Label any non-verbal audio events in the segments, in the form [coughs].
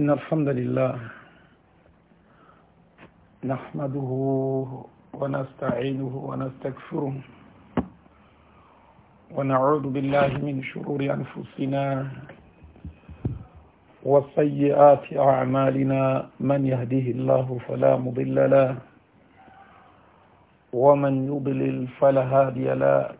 إن الحمد لله نحمده ونستعينه ونستكفره ونعوذ بالله من شرور أنفسنا وسيئات أعمالنا من يهده الله فلا مضل له ومن يضلل فلا هادي له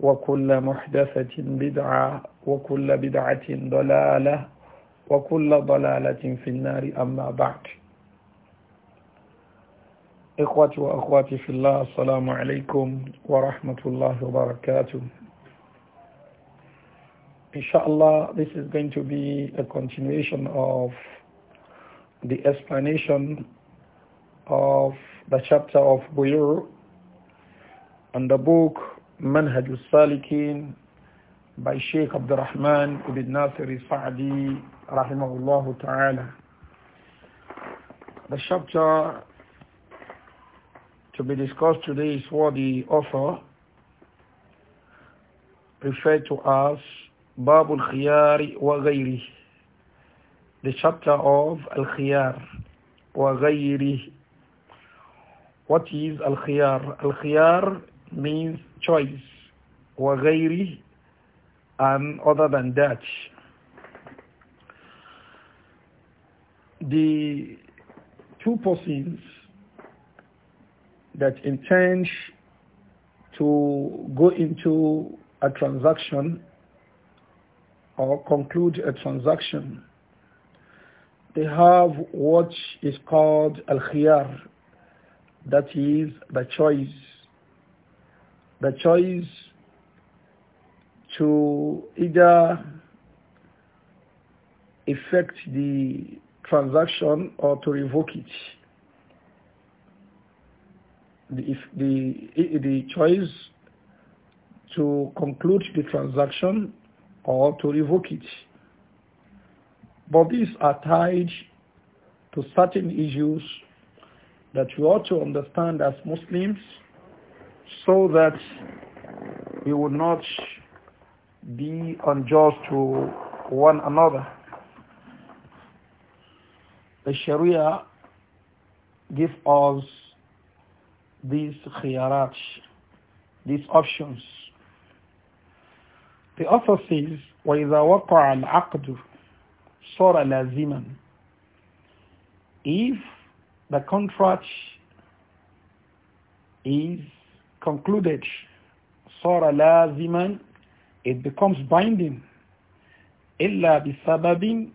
وكل محدثة بدعة وكل بدعة ضلالة وكل ضلالة في النار أما بعد إخوتي وأخواتي في الله السلام عليكم ورحمة الله وبركاته Inshallah, this is going to be a continuation of the explanation of the chapter of Buyur and the book منهج السالكين by Sheikh Abdul Rahman ibn Nasir Sa'di rahimahullah ta'ala. The chapter to be discussed today is what the author referred to as Bab al-Khiyar wa Ghairi, the chapter of Al-Khiyar wa Ghairi. What is Al-Khiyar? Al-Khiyar means choice, وغيره and other than that. The two persons that intend to go into a transaction or conclude a transaction, they have what is called al-khiyar, that is the choice the choice to either effect the transaction or to revoke it. The, the, the choice to conclude the transaction or to revoke it. But these are tied to certain issues that we ought to understand as Muslims so that we would not be unjust to one another. The Sharia gives us these khiyarat, these options. The author says, وَإِذَا وَقَعَ الْعَقْدُ صَرَ لَازِمًا If the contract is concluded, صار لازما, it becomes binding. إلا بسبب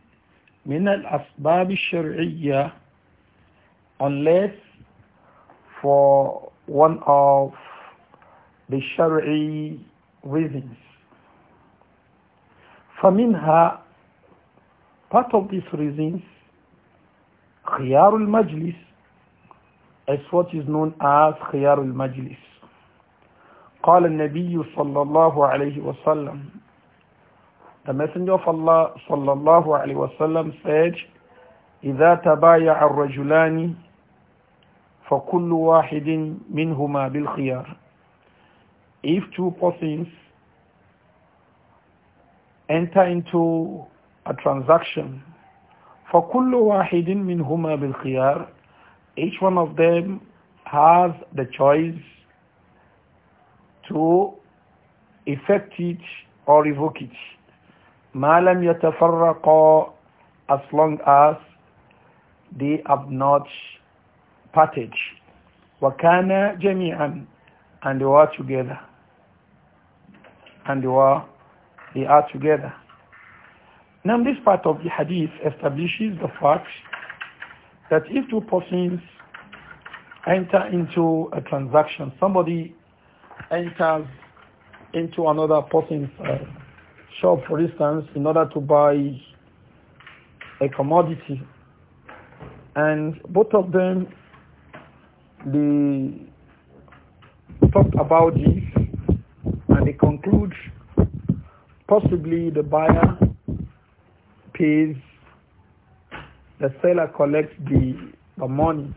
من الأسباب الشرعية unless for one of the Shari'i reasons. فمنها part of these reasons خيار المجلس is what is known as خيار المجلس قال النبي صلى الله عليه وسلم The Messenger of Allah صلى الله عليه وسلم said إذا تبايع الرجلان فكل واحد منهما بالخيار If two persons enter into a transaction فكل واحد منهما بالخيار Each one of them has the choice to effect it or revoke it. Malam yatafarraqa as long as they have not parted. Wakana jami'an and they were together. And they were they are together. Now this part of the hadith establishes the fact that if two persons enter into a transaction, somebody enters into another person's uh, shop, for instance, in order to buy a commodity, and both of them they talk about this and they conclude possibly the buyer pays the seller collects the, the money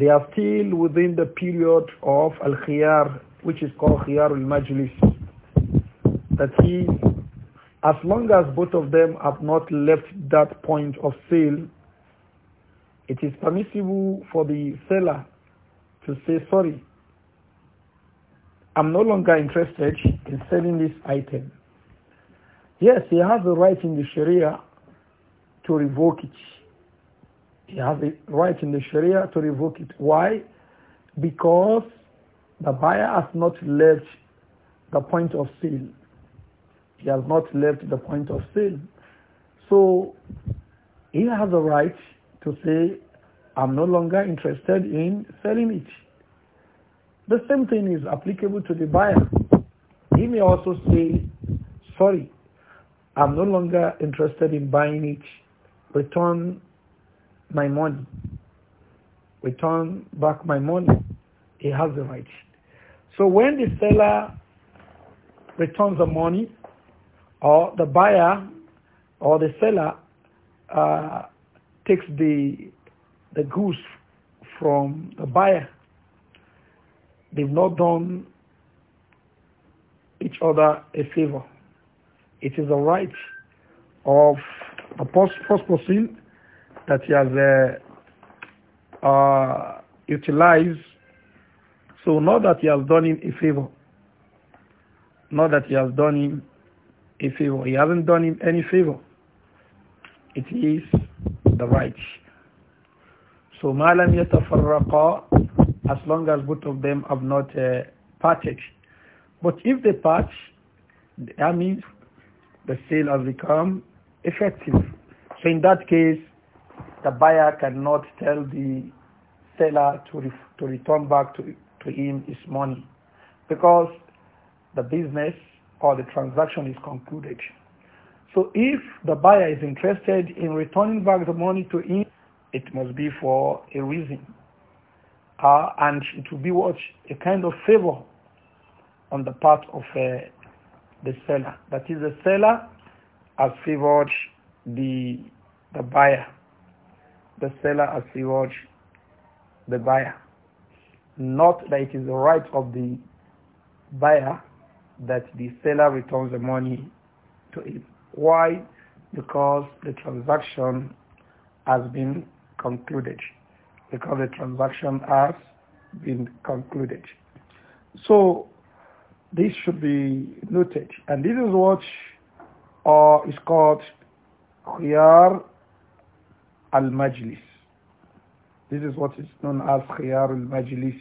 they are still within the period of al-khiyar, which is called khiyar al-majlis. That he, as long as both of them have not left that point of sale, it is permissible for the seller to say, sorry, I'm no longer interested in selling this item. Yes, he has the right in the Sharia to revoke it. He has the right in the Sharia to revoke it. Why? Because the buyer has not left the point of sale. He has not left the point of sale. So he has a right to say, I'm no longer interested in selling it. The same thing is applicable to the buyer. He may also say, sorry, I'm no longer interested in buying it. Return my money. Return back my money. He has the right. So when the seller returns the money, or the buyer or the seller uh, takes the the goods from the buyer, they've not done each other a favor. It is a right of the first person that he has uh, uh, utilized. So not that he has done him a favor. Not that he has done him a favor. He hasn't done him any favor. It is the right. So malam yatafarraqa, as long as both of them have not uh, parted. But if they part, that means the sale has become effective. So in that case, the buyer cannot tell the seller to, to return back to, to him his money because the business or the transaction is concluded. So if the buyer is interested in returning back the money to him, it must be for a reason. Uh, and it will be what a kind of favor on the part of uh, the seller. That is, the seller has favored the the buyer the seller as watch the buyer. Not that it is the right of the buyer that the seller returns the money to him. Why? Because the transaction has been concluded. Because the transaction has been concluded. So this should be noted. And this is what uh, is called khiyar al-majlis. This is what is known as khiyar al-majlis.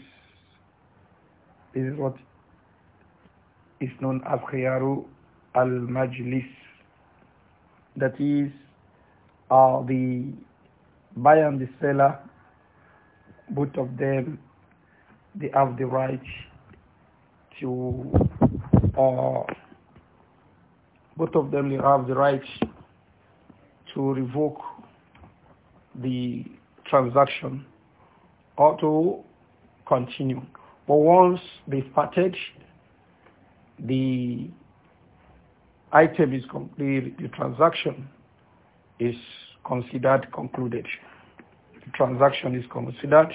This is what is known as khiyar al-majlis. That is uh, the buyer and the seller, both of them, they have the right to, uh, both of them they have the right to revoke the transaction or to continue. But once they package, the item is complete, the transaction is considered concluded. The transaction is considered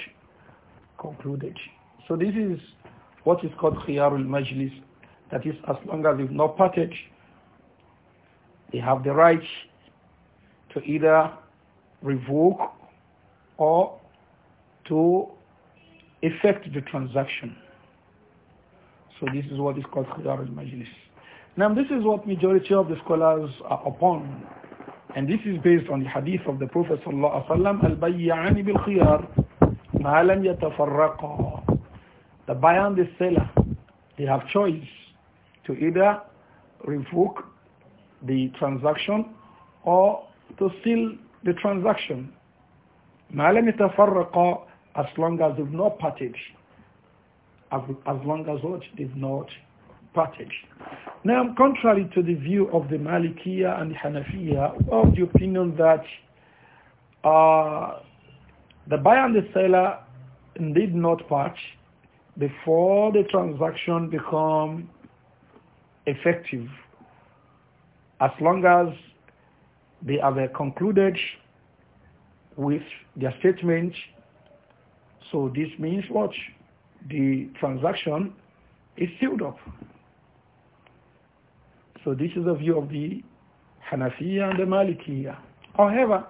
concluded. So this is what is called khiyarul majlis. That is, as long as they've not parted, they have the right to either revoke or to effect the transaction. So this is what is called Khidar al-Majlis. Now this is what majority of the scholars are upon. And this is based on the hadith of the Prophet sallallahu alaihi wasallam, al-bayyani bil khiyar ma yatafarraqa. The buyer and the seller, they have choice to either revoke the transaction or to seal the transaction. As long as they've not parted. As, as long as what? They've not parted. Now, contrary to the view of the Malikiya and the Hanafiya, of the opinion that uh, the buyer and the seller did not part before the transaction become effective as long as they have uh, concluded with their statement. So this means what? The transaction is sealed up. So this is the view of the Hanafiya and the Malikiya. However,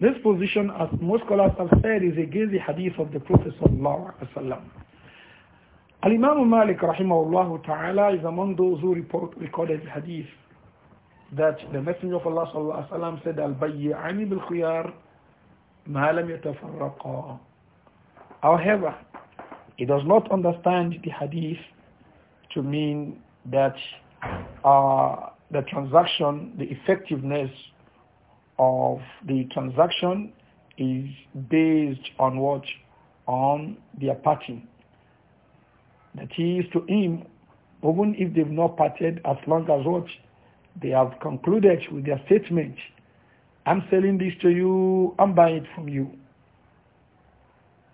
this position, as most scholars have said, is against the hadith of the Prophet sallallahu alaihi wasallam. Al-Imam Malik rahimahullah ta'ala is among those who report, recorded the hadith that the Messenger of Allah sallallahu alaihi wasallam said, "Al-bayyani bil-khiyar ma lam yatafarraqa." However, he does not understand the hadith to mean that uh, the transaction, the effectiveness of the transaction is based on what? On their parting. That is to him, even if they've not parted as long as what? They have concluded with their statement, I'm selling this to you, I'm buying it from you.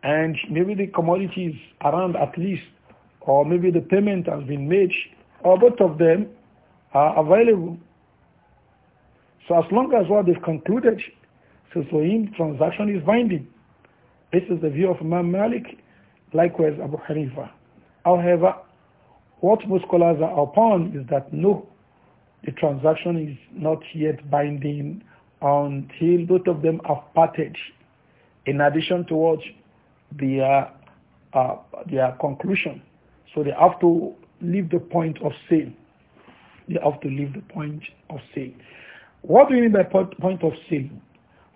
And maybe the commodity is around at least, or maybe the payment has been made, or both of them are available. So as long as what they've concluded, so for him, transaction is binding. This is the view of Imam Malik, likewise Abu Hanifa. However, what most scholars are upon is that no, the transaction is not yet binding until both of them have parted. In addition to what their uh, their conclusion, so they have to leave the point of sale. They have to leave the point of sale. What do you mean by point of sale?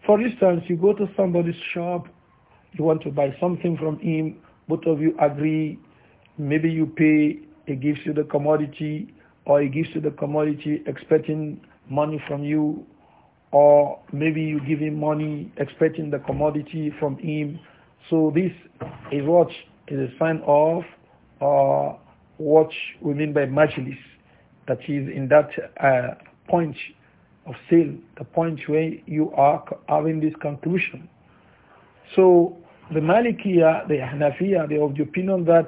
For instance, you go to somebody's shop, you want to buy something from him, both of you agree, maybe you pay, he gives you the commodity, or he gives you the commodity expecting money from you, or maybe you give him money expecting the commodity from him. So this is what is a sign of uh, what we mean by majlis, that is in that uh, point of sale, the point where you are having this conclusion. So the Malikiya, the Hanafiya, they have the opinion that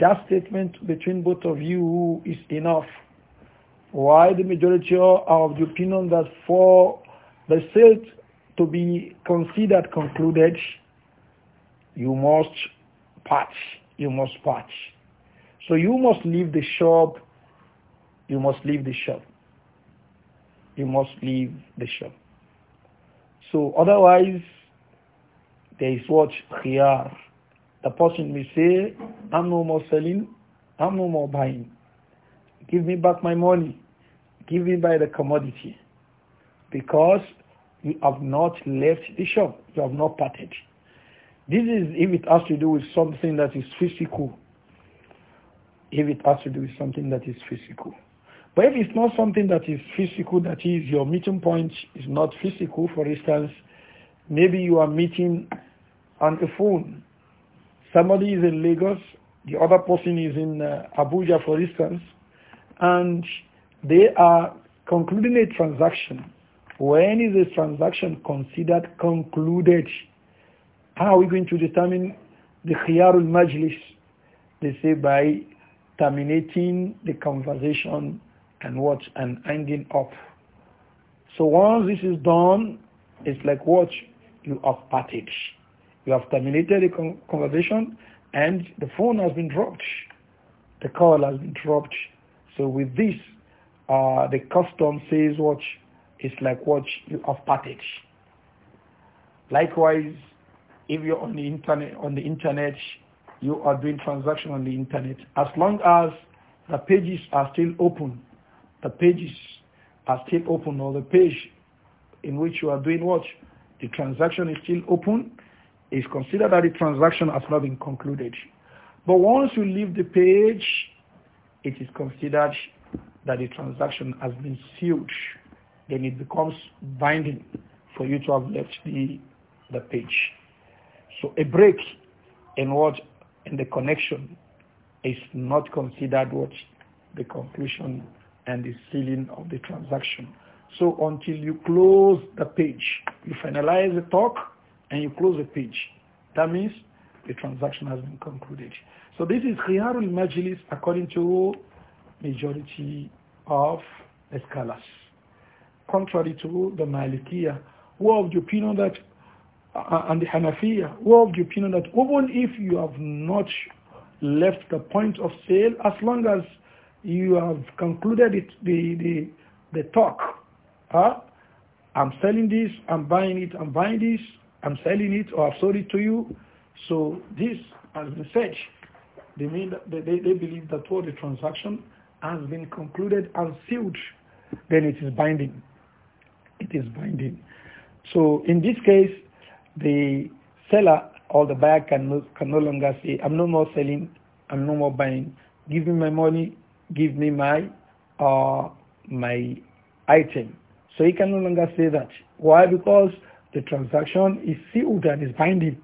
that statement between both of you is enough. Why the majority are of the opinion that for the sale to be considered concluded, you must patch, you must patch. So you must leave the shop, you must leave the shop, you must leave the shop. So otherwise, there is what? here. The person may say, I'm no more selling, I'm no more buying. Give me back my money. Give me back the commodity. Because you have not left the shop. You have not parted. This is if it has to do with something that is physical. If it has to do with something that is physical. But if it's not something that is physical, that is your meeting point is not physical, for instance, maybe you are meeting on the phone Somebody is in Lagos, the other person is in uh, Abuja, for instance, and they are concluding a transaction. When is this transaction considered concluded? How are we going to determine the khiyarul majlis? They say by terminating the conversation and what and ending up. So once this is done, it's like what you have parted. You have terminated the con conversation and the phone has been dropped. The call has been dropped. So with this, uh, the custom says "Watch, it's like watch you have parted. Likewise, if you're on the internet, on the internet, you are doing transaction on the internet. As long as the pages are still open, the pages are still open, or the page in which you are doing watch, the transaction is still open, is considered that the transaction has not been concluded. But once you leave the page, it is considered that the transaction has been sealed. Then it becomes binding for you to have left the, the page. So a break in what in the connection is not considered what the conclusion and the sealing of the transaction. So until you close the page, you finalize the talk, and you close the page. That means the transaction has been concluded. So this is khiyarul majlis according to majority of the scholars. Contrary to the Malikiya, who of the opinion that, uh, and the Hanafiya, who of the opinion that even if you have not left the point of sale, as long as you have concluded it, the, the, the talk, huh? I'm selling this, I'm buying it, I'm buying this, I'm selling it or I've sold it to you. So this as been said. They mean that they, they believe that what the transaction has been concluded and sealed, then it is binding. It is binding. So in this case, the seller or the buyer can no, can no longer say, I'm no more selling, I'm no more buying. Give me my money, give me my uh, my item. So he can no longer say that. Why? Because the transaction is sealed and is binding.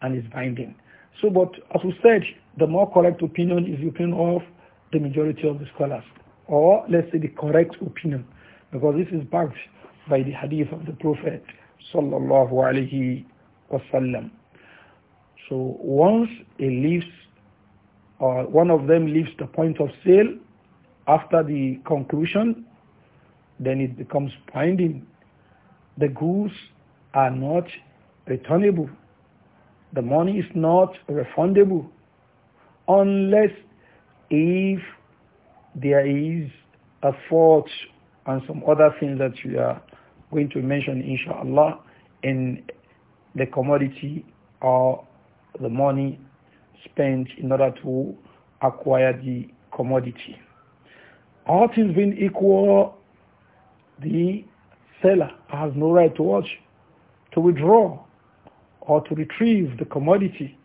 And is binding. So, but as we said, the more correct opinion is the opinion of the majority of the scholars. Or let's say the correct opinion. Because this is backed by the hadith of the Prophet sallallahu alayhi wasallam. So once it leaves, or uh, one of them leaves the point of sale after the conclusion, then it becomes binding the goods are not returnable. The money is not refundable unless if there is a fault and some other things that we are going to mention inshallah in the commodity or the money spent in order to acquire the commodity. All things being equal, the seller has no right to watch, to withdraw or to retrieve the commodity.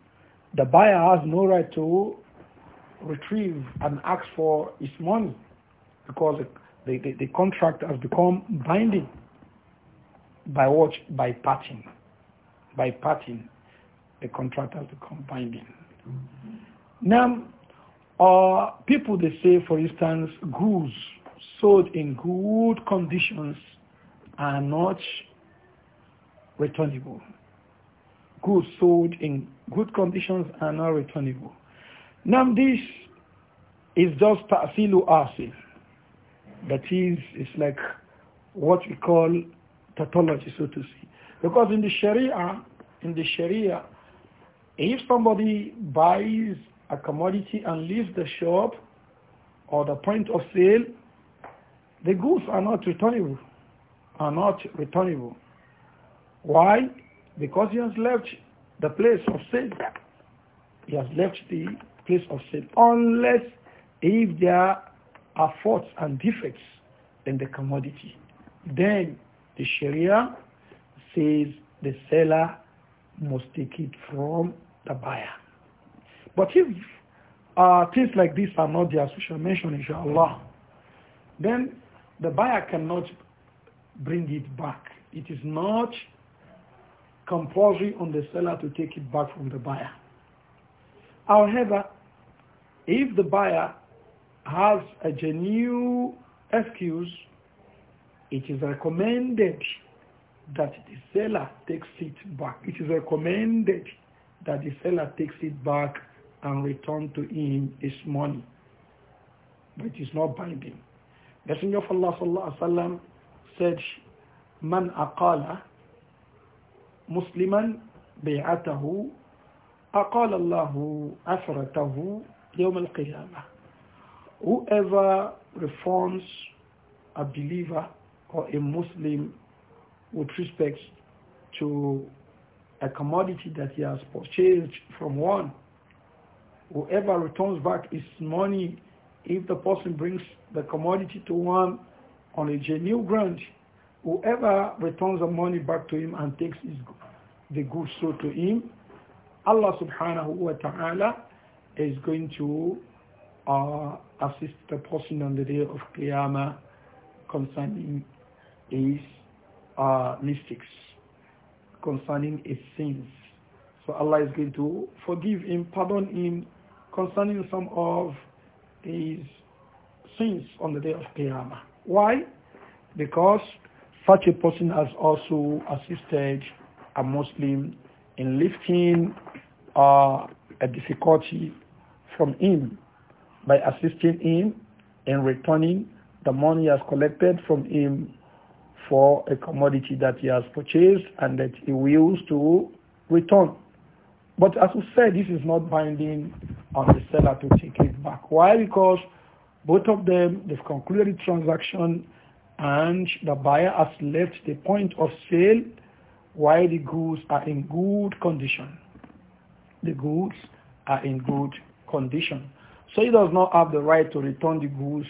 The buyer has no right to retrieve and ask for his money because the, the, the contract has become binding by watch By parting. By parting, the contract has become binding. Now, uh, people, they say, for instance, goods sold in good conditions are not returnable. Goods sold in good conditions are not returnable. Now this is just ta'filu asif. That is, it's like what we call tautology, so to say. Because in the Sharia, in the Sharia, if somebody buys a commodity and leaves the shop or the point of sale, the goods are not returnable are not returnable. Why? Because he has left the place of sin. He has left the place of sin. Unless if there are faults and defects in the commodity, then the Sharia says the seller must take it from the buyer. But if uh, things like this are not there, as we shall mention, inshallah, then the buyer cannot bring it back. It is not compulsory on the seller to take it back from the buyer. However, if the buyer has a genuine excuse, it is recommended that the seller takes it back. It is recommended that the seller takes it back and return to him his money. But it is not binding. Messenger of Allah sallallahu alaihi wasallam said, Man aqala musliman bi'atahu aqala Allahu asratahu yawm al-qiyamah. Whoever reforms a believer or a Muslim with respect to a commodity that he has purchased from one, whoever returns back his money if the person brings the commodity to one on a genuine ground. Whoever returns the money back to him and takes his, the goods sold to him, Allah subhanahu wa ta'ala is going to uh, assist the person on the day of Qiyamah concerning his uh, mistakes, concerning his sins. So Allah is going to forgive him, pardon him concerning some of his sins on the day of Qiyamah. Why? Because such a person has also assisted a Muslim in lifting uh, a difficulty from him by assisting him in returning the money he has collected from him for a commodity that he has purchased and that he wills to return. But as we said, this is not binding on the seller to take it back. Why? Because both of them, they've concluded the transaction and the buyer has left the point of sale while the goods are in good condition. The goods are in good condition. So he does not have the right to return the goods.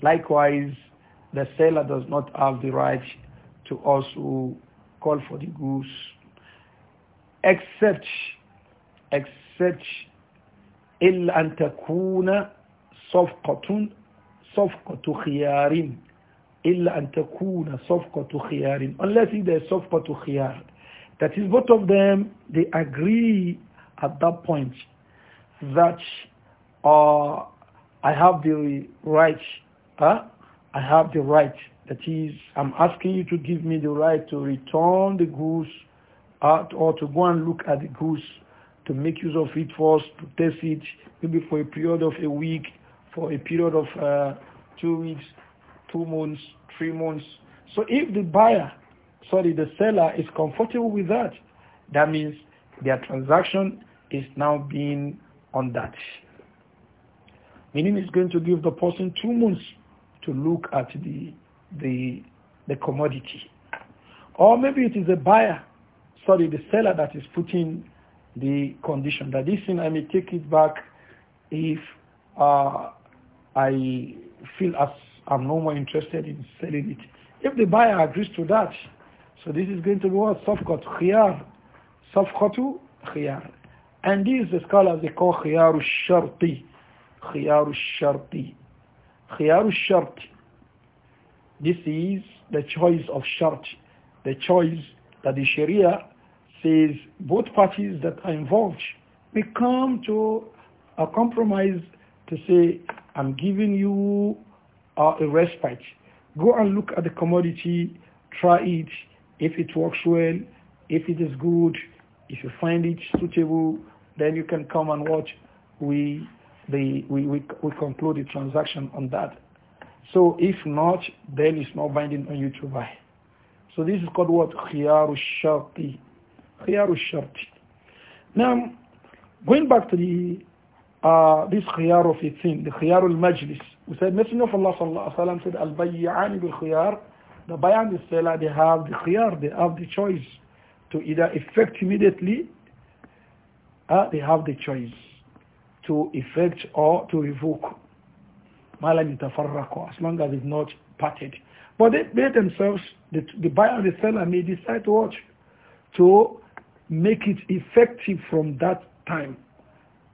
Likewise, the seller does not have the right to also call for the goods except except إلا أن تكون صفقة صفقة خيار إلا أن تكون صفقة خيار unless it is صفقة خيار that is both of them they agree at that point that uh, I have the right huh? I have the right that is I'm asking you to give me the right to return the goods uh, or to go and look at the goods to make use of it first to test it maybe for a period of a week for a period of uh, two weeks, two months, three months. So if the buyer, sorry, the seller is comfortable with that, that means their transaction is now being on that. Meaning it's going to give the person two months to look at the, the, the commodity. Or maybe it is the buyer, sorry, the seller that is putting the condition that this thing I may take it back if uh, I feel as I'm no more interested in selling it. If the buyer agrees to that, so this is going to be what? Safqat khiyar. Safqatu khiyar. And this is the as they call khiyar sharti. Khiyar sharti. Khiyar sharti This is the choice of sharti, The choice that the Sharia says both parties that are involved may come to a compromise to say I'm giving you uh, a respite. Go and look at the commodity, try it. If it works well, if it is good, if you find it suitable, then you can come and watch. We, the, we, we, we conclude the transaction on that. So if not, then it's not binding on you to buy. So this is called what? Khiyaru Sharti. Khiyaru Sharti. Now, going back to the uh, this khiyar of 18, the khiyar al-majlis. We said, Messenger of Allah sallallahu alayhi wa sallam said, al-bayyani bil khiyar. The buyer and the seller, they have the khiyar, they have the choice to either effect immediately, uh, they have the choice to effect or to revoke. Malam as long as it's not parted. But they, made themselves, the, the buyer and the seller may decide to watch, to make it effective from that time.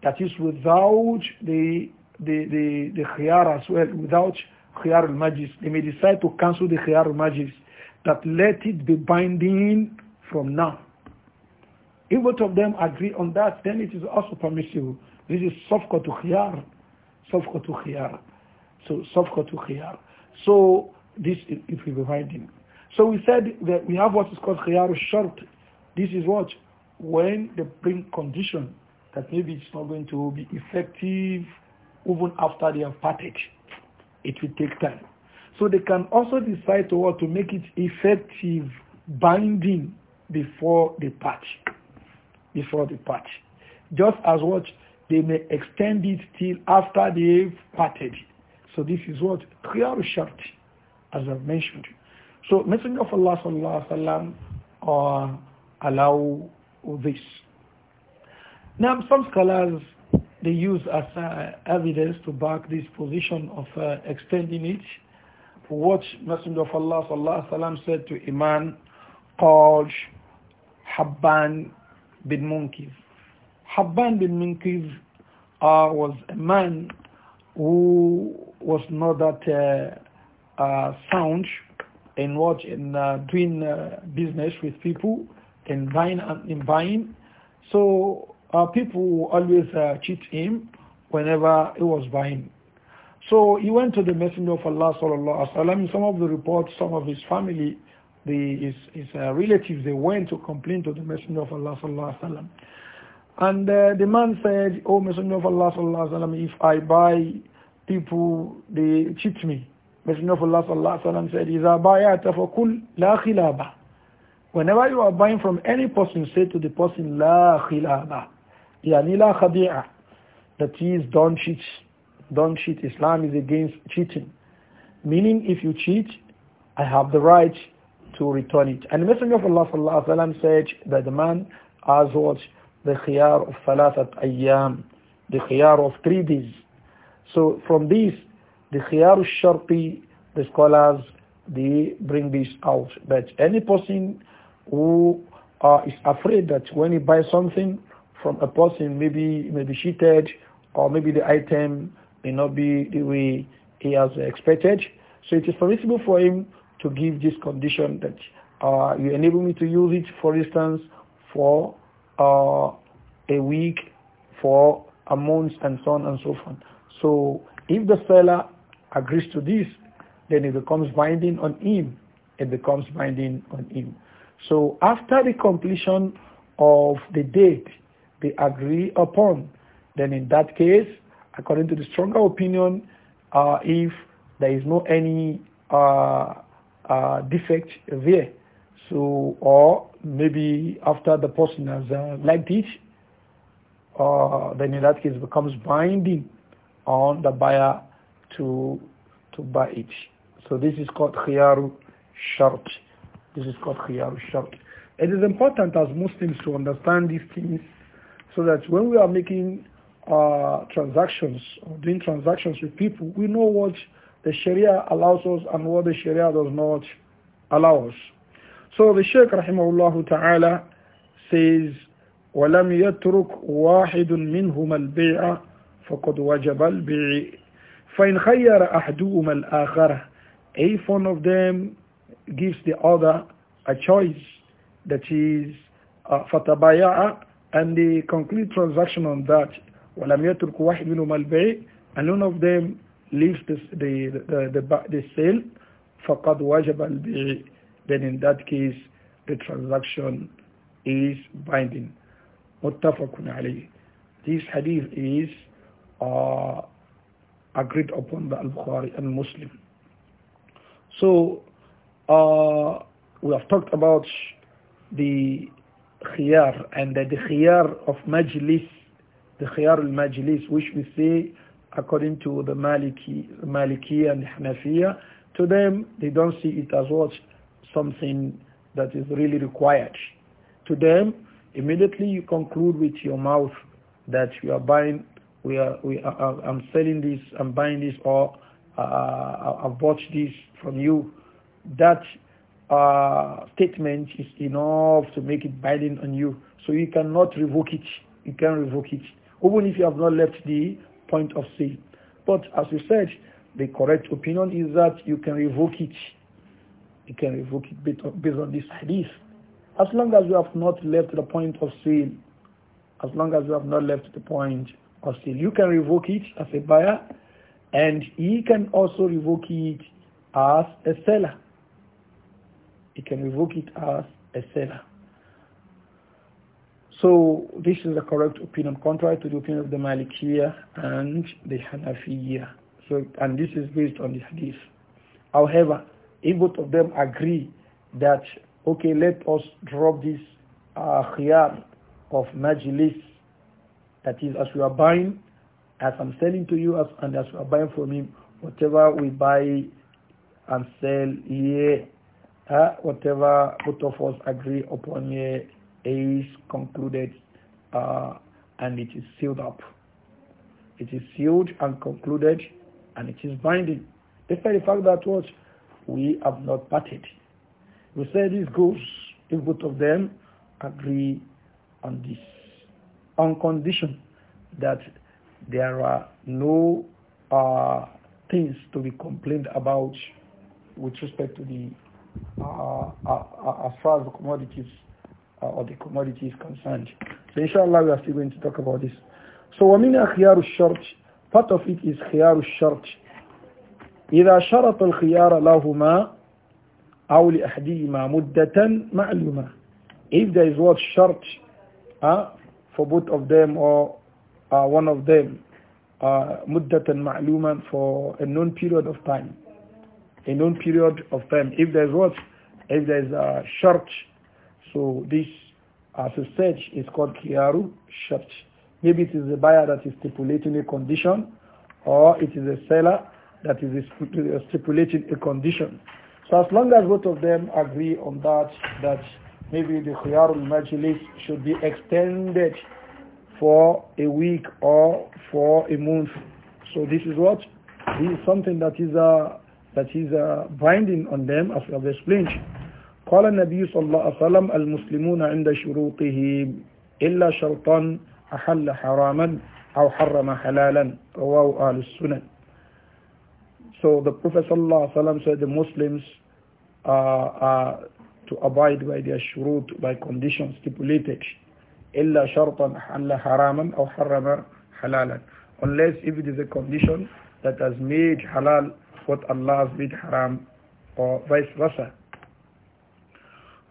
That is without the the the, the khiyar as well, without khiyar al majis. They may decide to cancel the khiyar al majis. That let it be binding from now. If both of them agree on that, then it is also permissible. This is safqa to khiyar. Safqa to khiyar. So safqa to khiyar. So this it, it will be binding. So we said that we have what is called khiyar short. This is what? When they bring condition that maybe it's not going to be effective even after they have parted. It will take time. So they can also decide to what to make it effective binding before the patch. Before the patch. Just as what they may extend it till after they've parted. So this is what Khiyar Shart, as I've mentioned. So Messenger of Allah sallallahu alaihi wasallam uh, allow this. Now, some scholars, they use as uh, evidence to back this position of uh, extending it. What Messenger of Allah sallallahu sallam, said to Iman, called Habban bin Munkiv. Habban bin Munkiv uh, was a man who was not that uh, uh, sound in what in uh, doing business with people, in buying and in buying. So uh, people always uh, cheat him whenever he was buying. So he went to the Messenger of Allah sallallahu alaihi wasallam. Some of the reports, some of his family, the, his, his uh, relatives, they went to complain to the Messenger of Allah sallallahu alaihi wasallam. And uh, the man said, oh, Messenger of Allah sallallahu alaihi wasallam, if I buy people, they cheat me." Messenger of Allah sallallahu alaihi wasallam said, "Iza ta'fukul fakul la khilaba." Whenever you are buying from any person, say to the person, "La khilaba." يعني لا خديعة that is don't cheat don't cheat Islam is against cheating meaning if you cheat I have the right to return it and the Messenger of Allah sallallahu said that the man has what the khiyar of thalathat ayyam the khiyar of three days so from this the khiyar al the scholars they bring this out that any person who uh, is afraid that when he buys something from a person, maybe maybe cheated, or maybe the item may not be the way he has expected. So it is permissible for him to give this condition that uh, you enable me to use it, for instance, for uh, a week, for a month, and so on and so forth. So if the seller agrees to this, then it becomes binding on him. It becomes binding on him. So after the completion of the date they agree upon, then in that case, according to the stronger opinion, uh, if there is no any uh, uh, defect there, so or maybe after the person has uh, liked it, uh, then in that case it becomes binding on the buyer to to buy it. So this is called khiyaru shart. This is called khiyaru shart. It is important as Muslims to understand these things so that when we are making uh, transactions or doing transactions with people, we know what the Sharia allows us and what the Sharia does not allow us. So the Shaykh rahimahullah ta'ala says, وَلَمْ يَتْرُكْ وَاحِدٌ مِنْهُمَا الْبِيعَ فَقَدْ وَجَبَ الْبِيعِ فَإِنْ خَيَّرَ أَحْدُهُمَا الْآخَرَ If one of them gives the other a choice, that is, uh, and they conclude transaction on that and none of them leaves the, the, the, the, the sale فقد وجب البيع then in that case the transaction is binding متفق عليه this hadith is uh, agreed upon by Al-Bukhari and Muslim so uh, we have talked about the khiyar and the khiyar of majlis, the khiyar al-majlis, which we say according to the Maliki, Maliki and Hanafiya, to them they don't see it as what something that is really required. To them, immediately you conclude with your mouth that you are buying, we are, we are, I'm selling this, I'm buying this, or uh, I bought this from you. That uh, statement is enough to make it binding on you. So you cannot revoke it. You can revoke it, even if you have not left the point of sale. But as we said, the correct opinion is that you can revoke it. You can revoke it based on this hadith. As long as you have not left the point of sale, as long as you have not left the point of sale, you can revoke it as a buyer and he can also revoke it as a seller he can revoke it as a seller. So this is the correct opinion, contrary to the opinion of the Malikiya and the Hanafiya. So, and this is based on the Hadith. However, if both of them agree that, okay, let us drop this uh, khiyar of majlis, that is, as we are buying, as I'm selling to you, as, and as we are buying from him, whatever we buy and sell here, yeah, uh, whatever both of us agree upon here is concluded uh, and it is sealed up. It is sealed and concluded and it is binding. Despite the fact that what we have not parted. We say this goes if both of them agree on this. On condition that there are no uh, things to be complained about with respect to the uh, uh, uh, as far as the commodities or the commodity is concerned. So inshallah we are still going to talk about this. So وَمِنْ خِيَارُ الشَّرْطِ Part of it is خِيَارُ الشَّرْطِ إِذَا شَرَطَ الْخِيَارَ لَهُمَا أَوْ لِأَحْدِهِمَا معلومة. If there is what شرط uh, for both of them or uh, one of them, مُدَّةً uh, for a known period of time a known period of time. If there's what? If there's a short, so this as a search is called Kiaru short. Maybe it is the buyer that is stipulating a condition or it is a seller that is stipulating a condition. So as long as both of them agree on that, that maybe the Khiyarul Majlis should be extended for a week or for a month. So this is what? This is something that is uh, that is uh, binding on them as we have explained. قال النبي صلى الله عليه وسلم المسلمون عند شروطه إلا شرطا أحل حراما أو حرم حلالا رواه أهل السنن So the Prophet صلى الله عليه وسلم said the Muslims are, are to abide by their shurut, by conditions stipulated. إلا شرطا أحل حراما أو حرم حلالا Unless if it is a condition that has made halal what Allah has made haram or vice versa.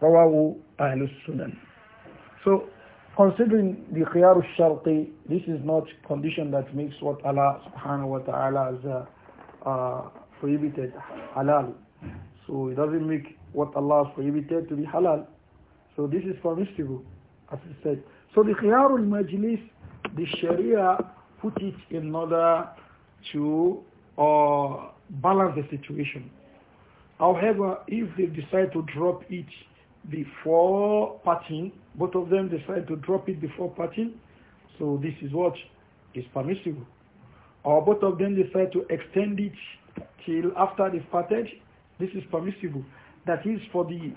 Rawahu Ahlus Sunan. So considering the khiyar sharqi, this is not condition that makes what Allah subhanahu wa ta'ala has uh, uh, prohibited halal. So it doesn't make what Allah has prohibited to be halal. So this is permissible, as I said. So the khiyar majlis, the sharia put it in order to uh, balance the situation. However, if they decide to drop it before parting, both of them decide to drop it before parting, so this is what is permissible. Or both of them decide to extend it till after the parting. parted, this is permissible. That is for the,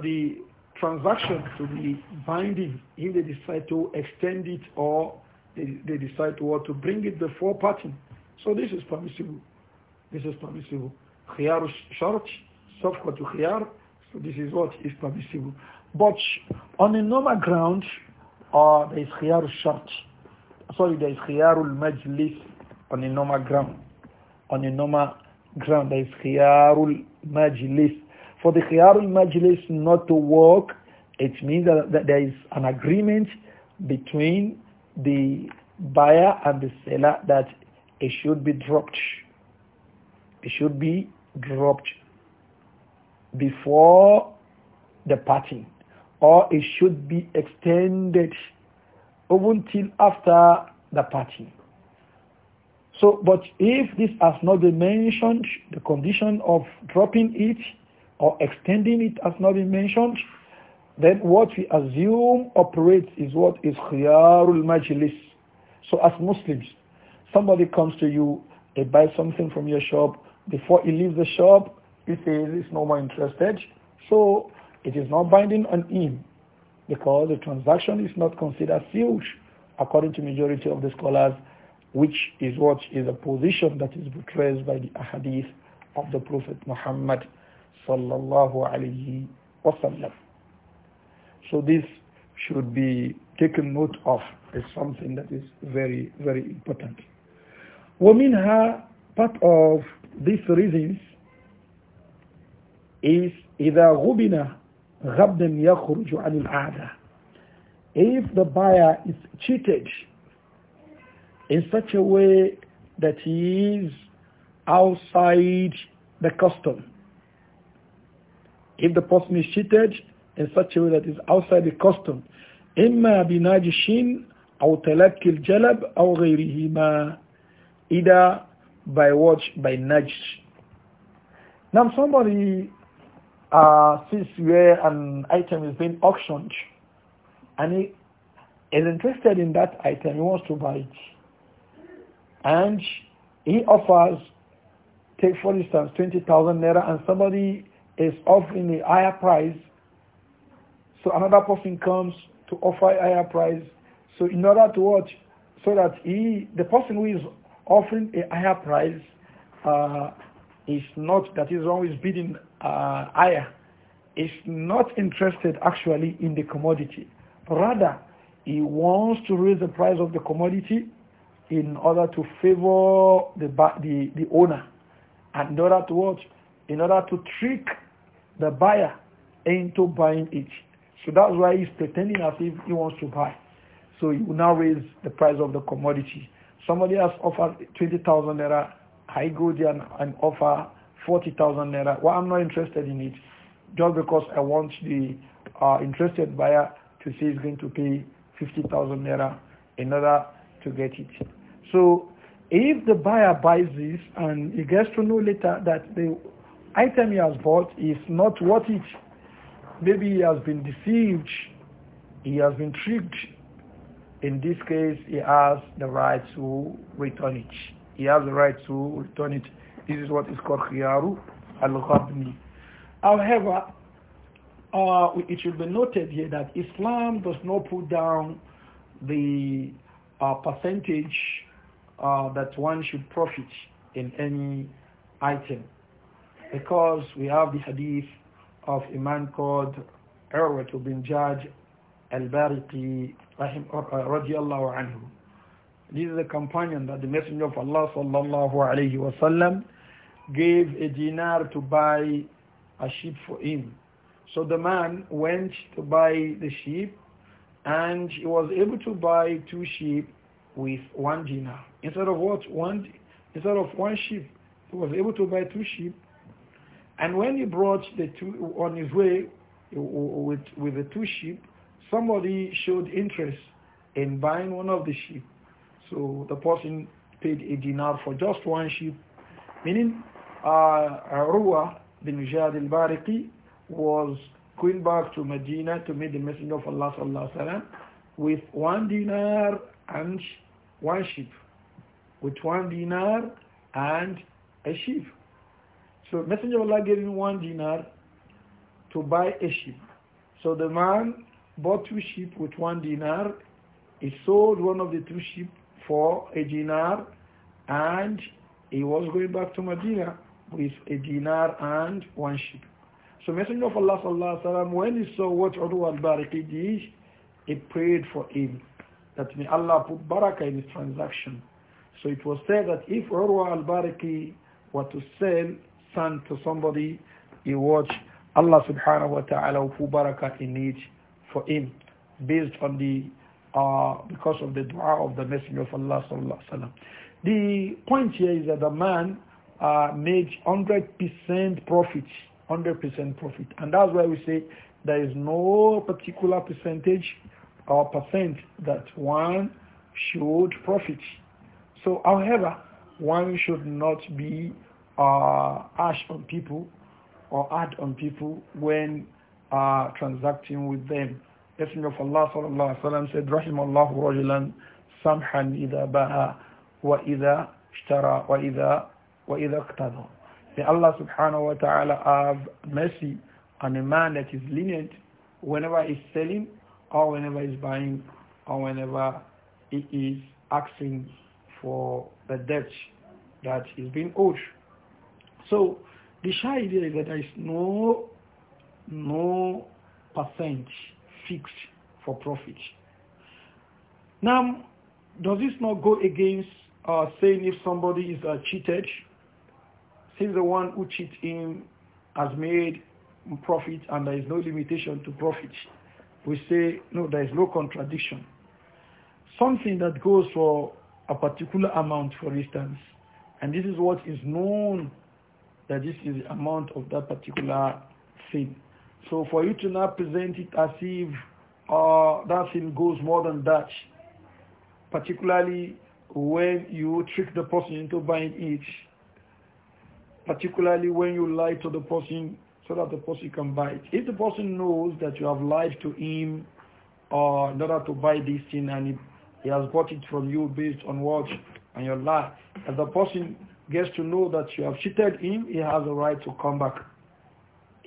the transaction to be binding if they decide to extend it or they, they decide to, or to bring it before parting. So this is permissible. This is permissible. Khiyar short, safqa to khiyar, so this is what is permissible. But on a normal ground, uh, there is khiyar short. Sorry, there is khiyar majlis on a normal ground. On a normal ground, there is khiyar majlis. For the khiyar majlis not to work, it means that, that there is an agreement between the buyer and the seller that it should be dropped it should be dropped before the parting or it should be extended even till after the parting. So, but if this has not been mentioned, the condition of dropping it or extending it has not been mentioned, then what we assume operates is what is khiyarul majlis. So as Muslims, somebody comes to you, they buy something from your shop, before he leaves the shop, he says he's no more interested. So it is not binding on him because the transaction is not considered sealed according to majority of the scholars, which is what is a position that is portrayed by the ahadith of the Prophet Muhammad sallallahu alayhi wasallam. So this should be taken note of as something that is very, very important. ومنها part of these reasons is إذا غبنا غبنا يخرج عن العادة if the buyer is cheated in such a way that he is outside the custom. If the person is cheated in such a way that is outside the custom, إما بناجشين أو تلك الجلب أو غيرهما إذا by watch, By nudge. Now somebody uh, sees where an item is being auctioned and he is interested in that item, he wants to buy it. And he offers, take for instance, 20,000 naira and somebody is offering a higher price. So another person comes to offer a higher price. So in order to watch, So that he, the person who is offering a higher price uh, is not, that is always bidding uh, higher, is not interested actually in the commodity. Rather, he wants to raise the price of the commodity in order to favor the, the, the owner and in order to what? In order to trick the buyer into buying it. So that's why he's pretending as if he wants to buy. So he will now raise the price of the commodity. Somebody has offered 20,000 naira. I go there and, and offer 40,000 naira. Well, I'm not interested in it just because I want the uh, interested buyer to say he's going to pay 50,000 naira in order to get it. So if the buyer buys this and he gets to know later that the item he has bought is not worth it, maybe he has been deceived, he has been tricked in this case he has the right to return it. He has the right to return it. This is what is called khiyaru al-ghabni. However, uh, it should be noted here that Islam does not put down the uh, percentage uh, that one should profit in any item because we have the hadith of a man called Urwat bin Jaj al-Bariqi rahim, uh, uh anhu. This is the companion that the Messenger of Allah sallallahu alayhi wasallam gave a dinar to buy a sheep for him. So the man went to buy the sheep and he was able to buy two sheep with one dinar. Instead of what? One, instead of one sheep, he was able to buy two sheep. And when he brought the two on his way uh, with, with the two sheep, somebody showed interest in buying one of the sheep. So the person paid a dinar for just one sheep, meaning uh, Arwa bin Jad al-Bariqi was going back to Medina to meet the Messenger of Allah sallallahu alaihi wasallam with one dinar and one sheep, with one dinar and a sheep. So Messenger of Allah gave him one dinar to buy a sheep. So the man bought two sheep with one dinar, he sold one of the two sheep for a dinar, and he was going back to Medina with a dinar and one sheep. So Messenger of Allah sallallahu alaihi wasallam, when he saw what Urwa al-Bariqi did, he prayed for him that may Allah put barakah in his transaction. So it was said that if Urwa al-Bariqi were to sell sand to somebody, he watched Allah subhanahu wa ta'ala put barakah in it for him based on the uh, because of the dua of the Messenger of Allah sallallahu alaihi wasallam. The point here is that the man uh, made 100% profit, 100% profit, and that's why we say there is no particular percentage or percent that one should profit. So, however, one should not be uh, harsh on people or hard on people when are transacting with them. Messenger of Allah sallallahu alaihi wasallam said, "Rahimallahu rajulan samhan idha ba'a wa idha ishtara wa idha wa idha iqtada." May Allah subhanahu wa ta'ala have mercy on a man that is lenient whenever he's selling or whenever he's buying or whenever he is asking for the debt that he that is being owed. So the shy idea is that there is no no percent fixed for profit. Now, does this not go against uh, saying if somebody is uh, cheated, since the one who cheated him has made profit and there is no limitation to profit, we say, no, there is no contradiction. Something that goes for a particular amount, for instance, and this is what is known that this is the amount of that particular thing. So for you to not present it as if uh, that thing goes more than that, particularly when you trick the person into buying it, particularly when you lie to the person so that the person can buy it. If the person knows that you have lied to him uh, in order to buy this thing and he, he has bought it from you based on what and your lie, if the person gets to know that you have cheated him, he has a right to come back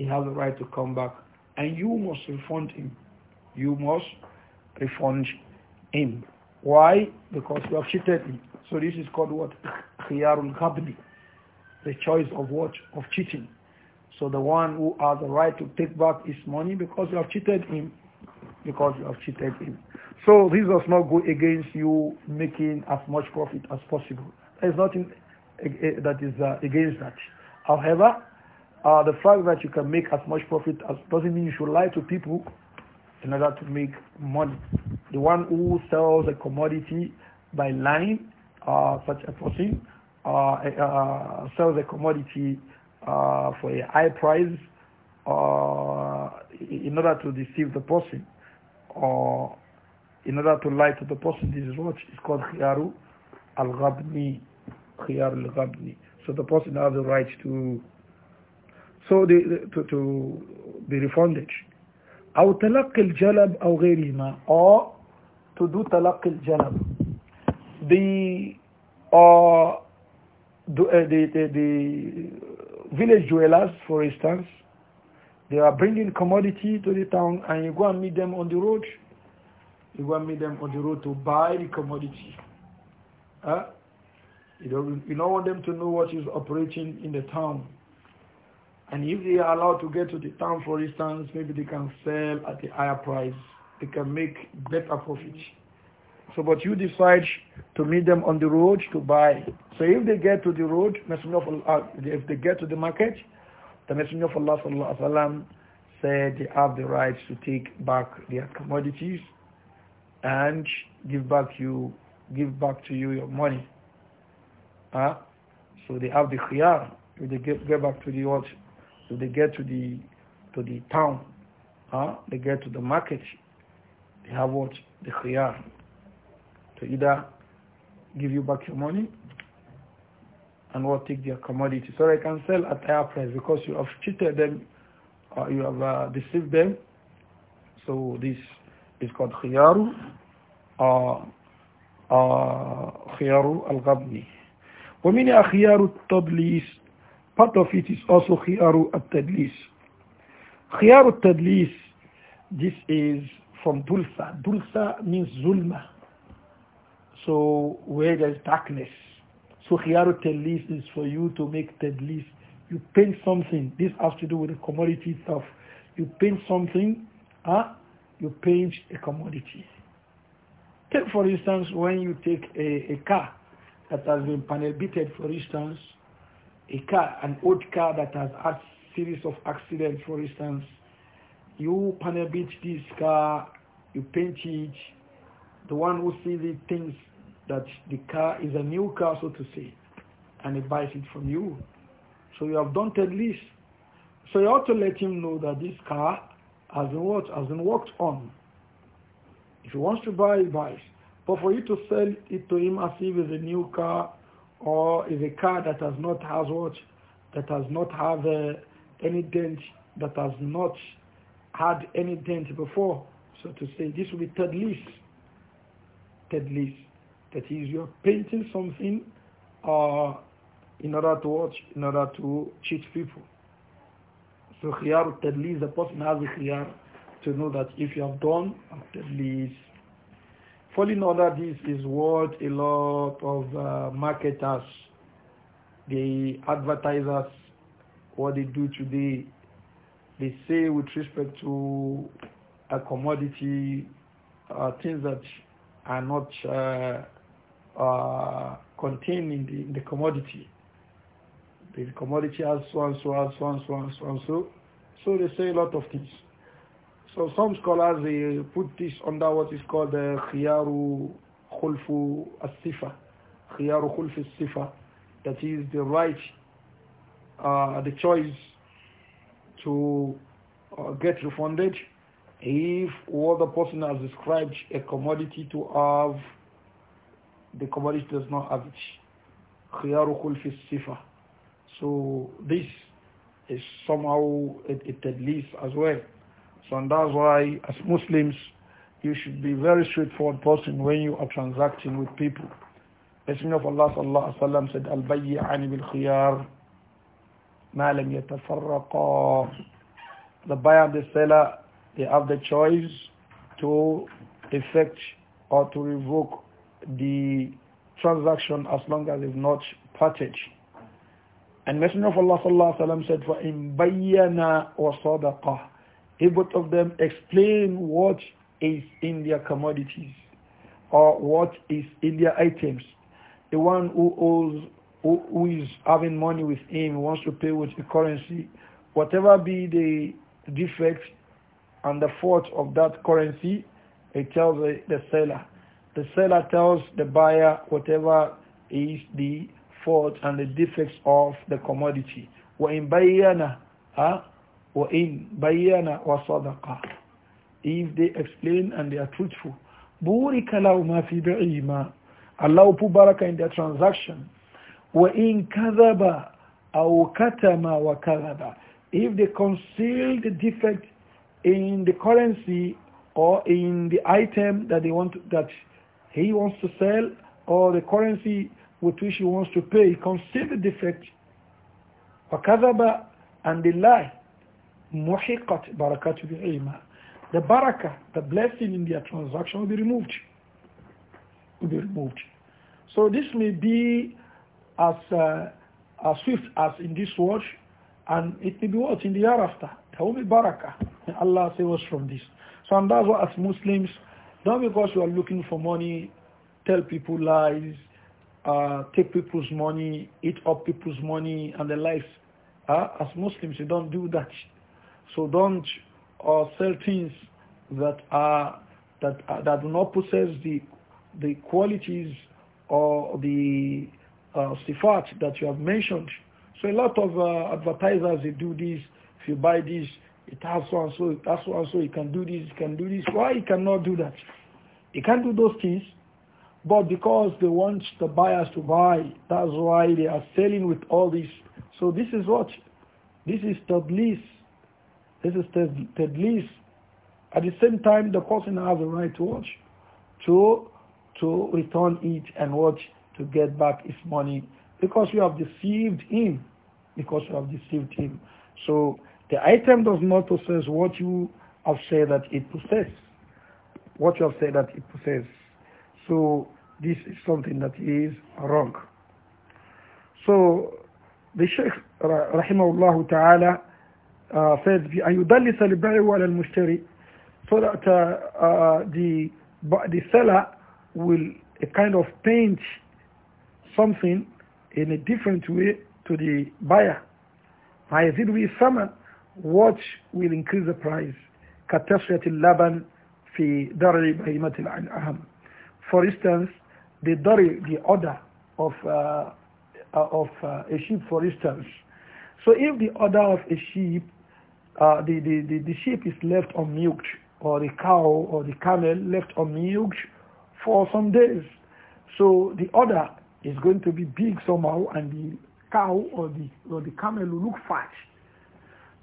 he has the right to come back and you must refund him. You must refund him. Why? Because you have cheated him. So this is called what? Khiyarul Ghabli. The choice of what? Of cheating. So the one who has the right to take back his money because you have cheated him. Because you have cheated him. So this does not go against you making as much profit as possible. There is nothing eh, that is uh, against that. However, uh, the fact that you can make as much profit as doesn't mean you should lie to people in order to make money. The one who sells a commodity by lying, uh, such a person, uh, uh, sells a commodity uh, for a high price uh, in order to deceive the person or in order to lie to the person. This is what is called al-ghabni. Khiyaru al-ghabni. So the person has the right to so they, to, to be refunded أو تلقي الجلب أو غيرهما or to do تلقي الجلب the or the, uh, the, the, the village dwellers for instance they are bringing commodity to the town and you go and meet them on the road you go and meet them on the road to buy the commodity huh? you, don't, you don't want them to know what is operating in the town and if they are allowed to get to the town, for instance, maybe they can sell at a higher price. They can make better profit. So, but you decide to meet them on the road to buy. So if they get to the road, Messenger of Allah, if they get to the market, the Messenger of Allah sallallahu said they have the right to take back their commodities and give back you, give back to you your money. Huh? So they have the khiyar, if they give, give back to the what, so they get to the to the town, huh? they get to the market, they have what? The khiyar. To either give you back your money and what take their commodity. So they can sell at higher price because you have cheated them, uh, you have uh, deceived them. So this is called khiyaru, uh, uh, khiyaru al-ghabni. ومن أخيار التضليس Part of it is also khiyaru at-tadlis. Khiyaru at-tadlis, this is from dulsa. Dulsa means zulma. So where there is darkness. So khiyaru tadlis is for you to make tadlis. You paint something. This has to do with the commodity stuff. You paint something, huh? Ah, you paint a commodity. Take for instance when you take a, a car that has been panel beaten for instance, a car, an old car that has had series of accidents, for instance, you panel beat this car, you paint it, the one who sees it thinks that the car is a new car, so to say, and he buys it from you. So you have done at least. So you ought to let him know that this car has been worked, has been worked on. If he wants to buy, he buys. But for you to sell it to him as if it's a new car, or is a car that has not has what, that has not have uh, any dent, that has not had any dent before, so to say. This will be third list. Third list. That is, you're painting something uh, in order to watch, in order to cheat people. So third tadlis, the person has a khiyar to know that if you have done third tadlis, Falling under this is what a lot of uh, marketers, the advertisers, what they do today, they say with respect to a uh, commodity, uh, things that are not uh, uh, contained in the, in the, commodity. The commodity has so and so, has so and so, and so and so. So they say a lot of things. So some scholars they put this under what is called the uh, khiyaru khulfu as-sifa. Khiyaru khulfu as-sifa. That is the right, uh, the choice to uh, get refunded if what the person has described a commodity to have, the commodity does not have it. Khiyaru khulfi as-sifa. So this is somehow at it leads as well. So and that's why as Muslims, you should be very straightforward person when you are transacting with people. Messenger of Allah sallallahu alaihi wasallam said, "Al-bay'ani bil khiyar, ma lam yatafarraqa." The buyer and the seller, they have the choice to effect or to revoke the transaction as long as it's not parted. And Messenger of Allah sallallahu alaihi wasallam said, "For in bayyana wa sadaqa." He both of them explain what is in their commodities or what is in their items, the one who owes, who, who is having money with him wants to pay with the currency, whatever be the defect and the fault of that currency, it tells the, the seller. The seller tells the buyer whatever is the fault and the defects of the commodity. وَإِنْ بَيَّنَ وَإِن بَيَّنَ وَصَدَقَ If they explain and they are truthful. بُورِكَ لَهُ مَا فِي بِعِيمَا Allah will put in their transaction. وَإِن كَذَبَ أَوْ كَتَمَ وَكَذَبَ If they conceal the defect in the currency or in the item that they want that he wants to sell or the currency with which he wants to pay, conceal the defect. وَكَذَبَ And they lie muhiqat barakatu bi'ilma. The barakah, the blessing in their transaction will be removed. Will be removed. So this may be as, uh, as swift as in this world, and it may be what in the after. There will be barakah. Allah save us from this. So and that's why as Muslims, not because you are looking for money, tell people lies, uh, take people's money, eat up people's money and the lives. Uh, as Muslims, you don't do that. So don't uh, sell things that are that uh, that do not possess the the qualities or the uh, sifat that you have mentioned. So a lot of uh, advertisers they do this. If you buy this, it has so and so, it has so and so. It can do this, it can do this. Why it cannot do that? It can do those things, but because they want the buyers to buy, that's why they are selling with all this. So this is what this is list. This is least. At the same time, the person has a right to watch, to, to return it and watch to get back his money because you have deceived him. Because you have deceived him. So the item does not possess what you have said that it possesses. What you have said that it possesses. So this is something that is wrong. So the Sheikh rahimahullah ta'ala uh, says أن يدلس البائع على المشتري so that uh, uh the the seller will a kind of paint something in a different way to the buyer. فيزيد به summon what will increase the price كتصفية اللبن في درع بهيمة الأهم for instance the dairy the order of uh, uh, of uh, a sheep for instance so if the order of a sheep uh, the, the, the, the, sheep is left unmilked or the cow or the camel left unmilked for some days. So the other is going to be big somehow and the cow or the, or the camel will look fat.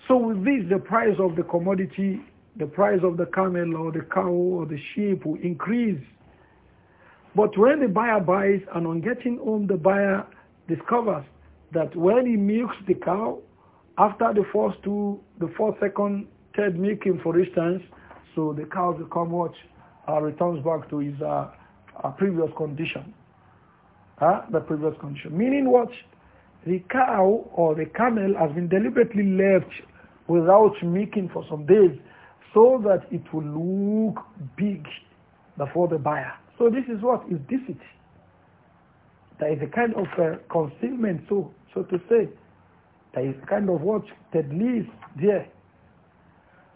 So with this, the price of the commodity, the price of the camel or the cow or the sheep will increase. But when the buyer buys and on getting home, the buyer discovers that when he milks the cow, after the first two, the fourth, second, third milking, for instance, so the cow become what? Uh, returns back to his uh, uh, previous condition. Huh? The previous condition. Meaning what? The cow or the camel has been deliberately left without milking for some days so that it will look big before the buyer. So this is what is deceit. There is a kind of uh, concealment, so so to say. There is kind of what? leaves there.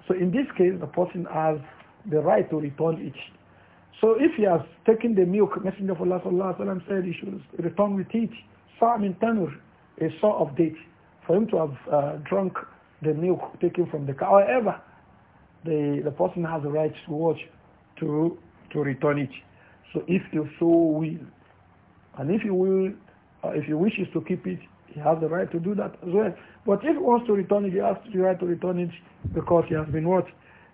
So in this case, the person has the right to return it. So if he has taken the milk, Messenger of Allah sallallahu alaihi wasallam) said he should return with it. in tanur, a sort of date, for him to have uh, drunk the milk taken from the cow. However, the, the person has the right to watch to, to return it. So if you so will, and if you will, uh, if he wishes to keep it, he has the right to do that as well. But if he wants to return it, he has the right to return it because he has been what?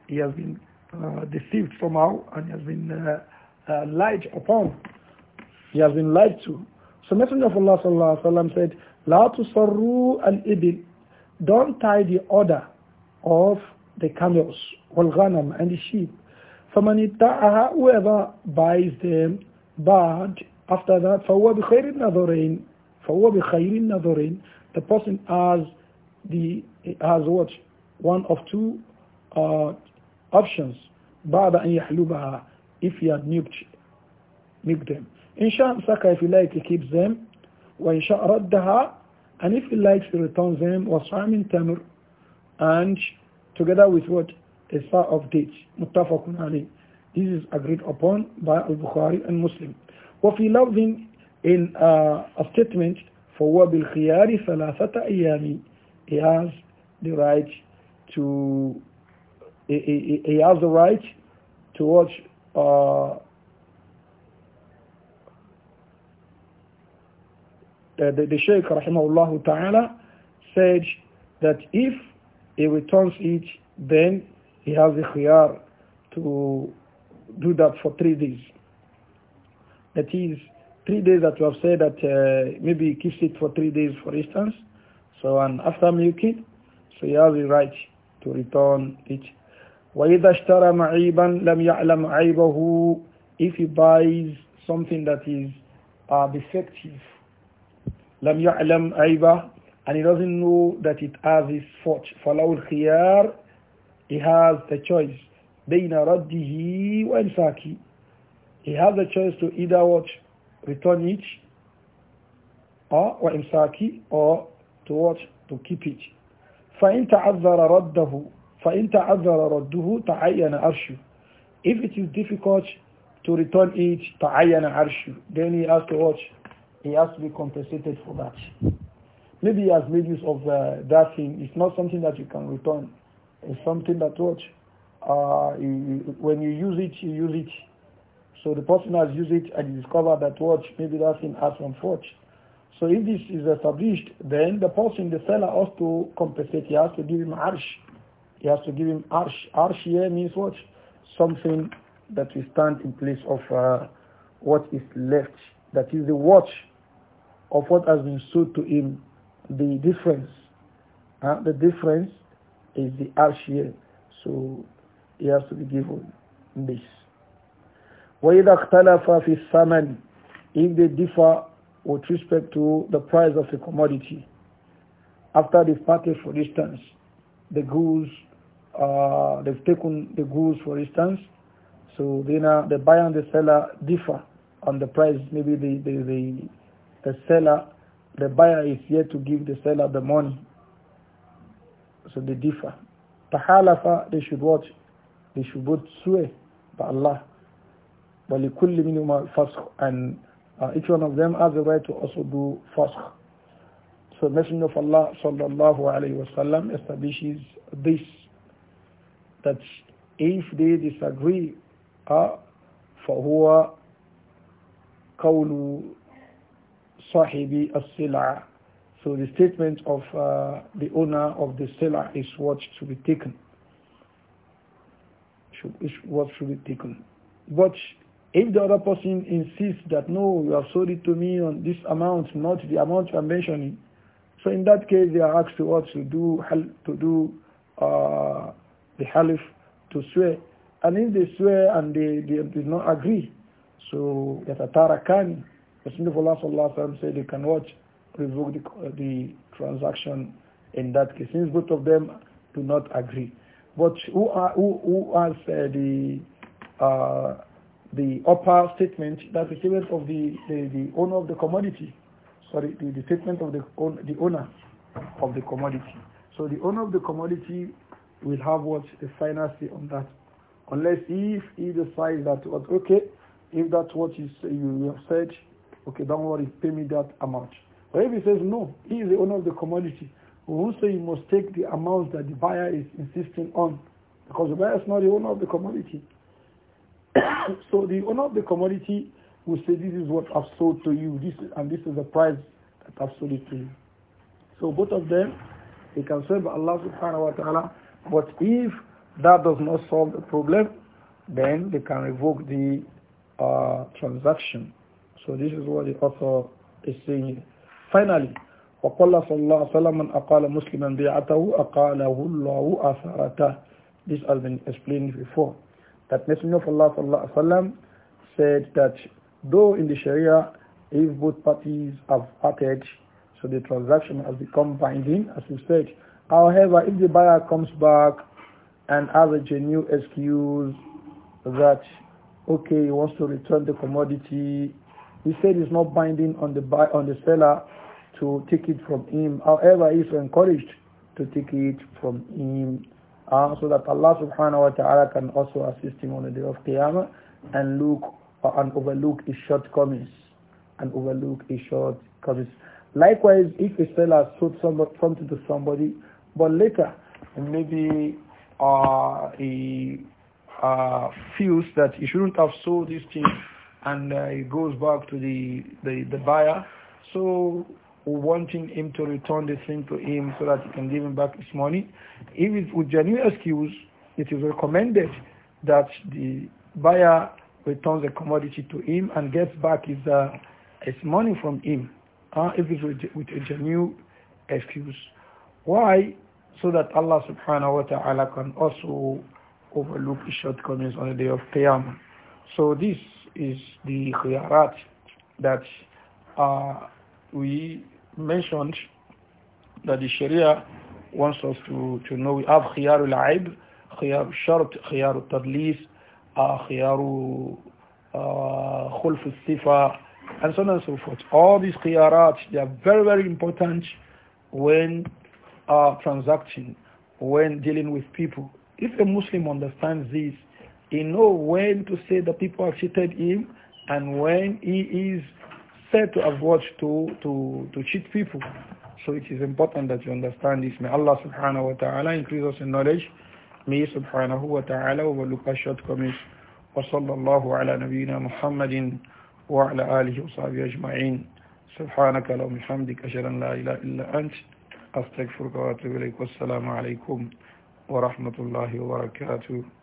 He has been uh, deceived somehow and he has been uh, uh, lied upon. He has been lied to. So Messenger of Allah sallallahu said, "La tusarru al ibil, don't tie the order of the camels, wal ghanam and the sheep. فَمَنِ اتَّعَهَا Whoever buys them bad after that, فَهُوَ بِخَيْرِ النَّظَرَيْنِ فَهُوَ بِخَيْرٍ نَظَرٍ The person has the has what? One of two uh, options. بعد أن يحلبها if he had nuked, nuked them. إن شاء سكى if he likes he keeps them وإن شاء ردها and if he likes he returns them وصاع من تمر and together with what? A star of date متفق عليه. This is agreed upon by Al-Bukhari and Muslim. وفي لفظ in a, a statement for وَبِالْخِيَارِ ثَلَاثَةَ أَيَّامِ He has the right to he, he, he has the right to watch uh, the, the Shaykh rahimahullah ta'ala said that if he returns it then he has the khiyar to do that for three days. That is three days that you have said that uh, maybe he keeps it for three days, for instance. So, and after milking, so he has the right to return it. وَإِذَا اشْتَرَى مَعِيبًا لَمْ يَعْلَمْ عَيْبَهُ If he buys something that is uh, defective, لَمْ يَعْلَمْ عَيْبَهُ And he doesn't know that it has his fault. فَلَوْ الْخِيَارِ He has the choice. بَيْنَ رَدِّهِ وَإِمْسَاكِ He has the choice to either watch return it, or وإمساكي or to watch, to keep it. فإن تعذر رده فإن تعذر رده تعين أرشه If it is difficult to return it, تعين أرشه Then he has to watch, he has to be compensated for that. Maybe he has made use of uh, that thing. It's not something that you can return. It's something that watch. Uh, you, when you use it, you use it. So the person has used it and discovered that watch, maybe that thing has one fault. So if this is established, then the person, the seller has to compensate. He has to give him arsh. He has to give him arsh. Arsh here means watch, Something that will stand in place of uh, what is left. That is the watch of what has been sold to him. The difference. Uh, the difference is the arsh here. So he has to be given this. وَإِذَا اخْتَلَفَ فِي الثَّمَنِ If they differ with respect to the price of a commodity. After the package, for instance, the goods, uh, they've taken the goods, for instance, so then uh, the buyer and the seller differ on the price. Maybe the, the, the, the seller, the buyer is yet to give the seller the money. So they differ. Tahalafa, they should watch. They should both swear by Allah وَلِكُلِّ مِنْهُمَا فَسْخ And uh, each one of them has the right to also do fasq. So Messenger of Allah sallallahu alayhi wasallam establishes this, that if they disagree, uh, فَهُوَ قَوْلُ صَاحِبِ السِّلَعَ So the statement of uh, the owner of the seller is what should be taken. Should, what should be taken. But if the other person insists that, no, you have sold it to me on this amount, not the amount you are mentioning, so in that case, they are asked to what? To do, to do uh, the halif, to swear. And if they swear and they, they did not agree, so that a yatatarakani, Messenger of Allah sallallahu alayhi wa said they can watch, revoke the, the transaction in that case, since both of them do not agree. But who, are, who, who has uh, the uh, the upper statement, that's the statement of the, the, the owner of the commodity. Sorry, the, the statement of the, on, the owner of the commodity. So the owner of the commodity will have what the final say on that. Unless if he decides that what okay, if that's what you say, you have said, okay, don't worry, pay me that amount. But if he says no, he is the owner of the commodity. Who will say you must take the amount that the buyer is insisting on, because the buyer is not the owner of the commodity. [coughs] so the owner of the commodity will say, this is what I've sold to you, this and this is the price that I've sold it to you. So both of them, they can serve Allah subhanahu wa ta'ala. But if that does not solve the problem, then they can revoke the uh, transaction. So this is what the author is saying. Finally, وقال صلى الله عليه وسلم من أقال مسلما بيعته أقاله الله أثرته This has been explained before that Messenger of Allah sallallahu said that though in the Sharia, if both parties have parted, so the transaction has become binding, as we said. However, if the buyer comes back and has a genuine excuse that, okay, he wants to return the commodity, he said it's not binding on the buy, on the seller to take it from him. However, he's encouraged to take it from him uh, so that Allah subhanahu wa ta'ala can also assist him on the day of Qiyamah and look uh, and overlook his shortcomings and overlook his shortcomings. Likewise, if a seller sold something to somebody, but later maybe uh, he uh, feels that he shouldn't have sold this thing and uh, he goes back to the, the, the buyer. So wanting him to return the thing to him so that he can give him back his money. If it's with genuine excuse, it is recommended that the buyer returns the commodity to him and gets back his, uh, his money from him uh, if it's with, with a genuine excuse. Why? So that Allah subhanahu wa ta'ala can also overlook his shortcomings on the day of Qiyamah. So this is the khiyarat that uh, we mentioned that the Sharia wants us to, to know we have khiyar al-aib, khiyar al-shart, khiyar al-tadlis, uh, khiyar uh, al-sifa, and so on and so forth. All these khiyarat, they are very, very important when uh, transacting, when dealing with people. If a Muslim understands this, he knows when to say the people have cheated him and when he is said to avoid to, to, to cheat people. So it is important that you understand this. May Allah subhanahu wa ta'ala increase us in knowledge. May subhanahu wa ta'ala overlook our shortcomings. وصلى الله على نبينا محمد وعلى آله وصحبه سبحانك اللهم وبحمدك لا إله إلا أنت أستغفرك وأتوب إليك والسلام عليكم ورحمة الله وبركاته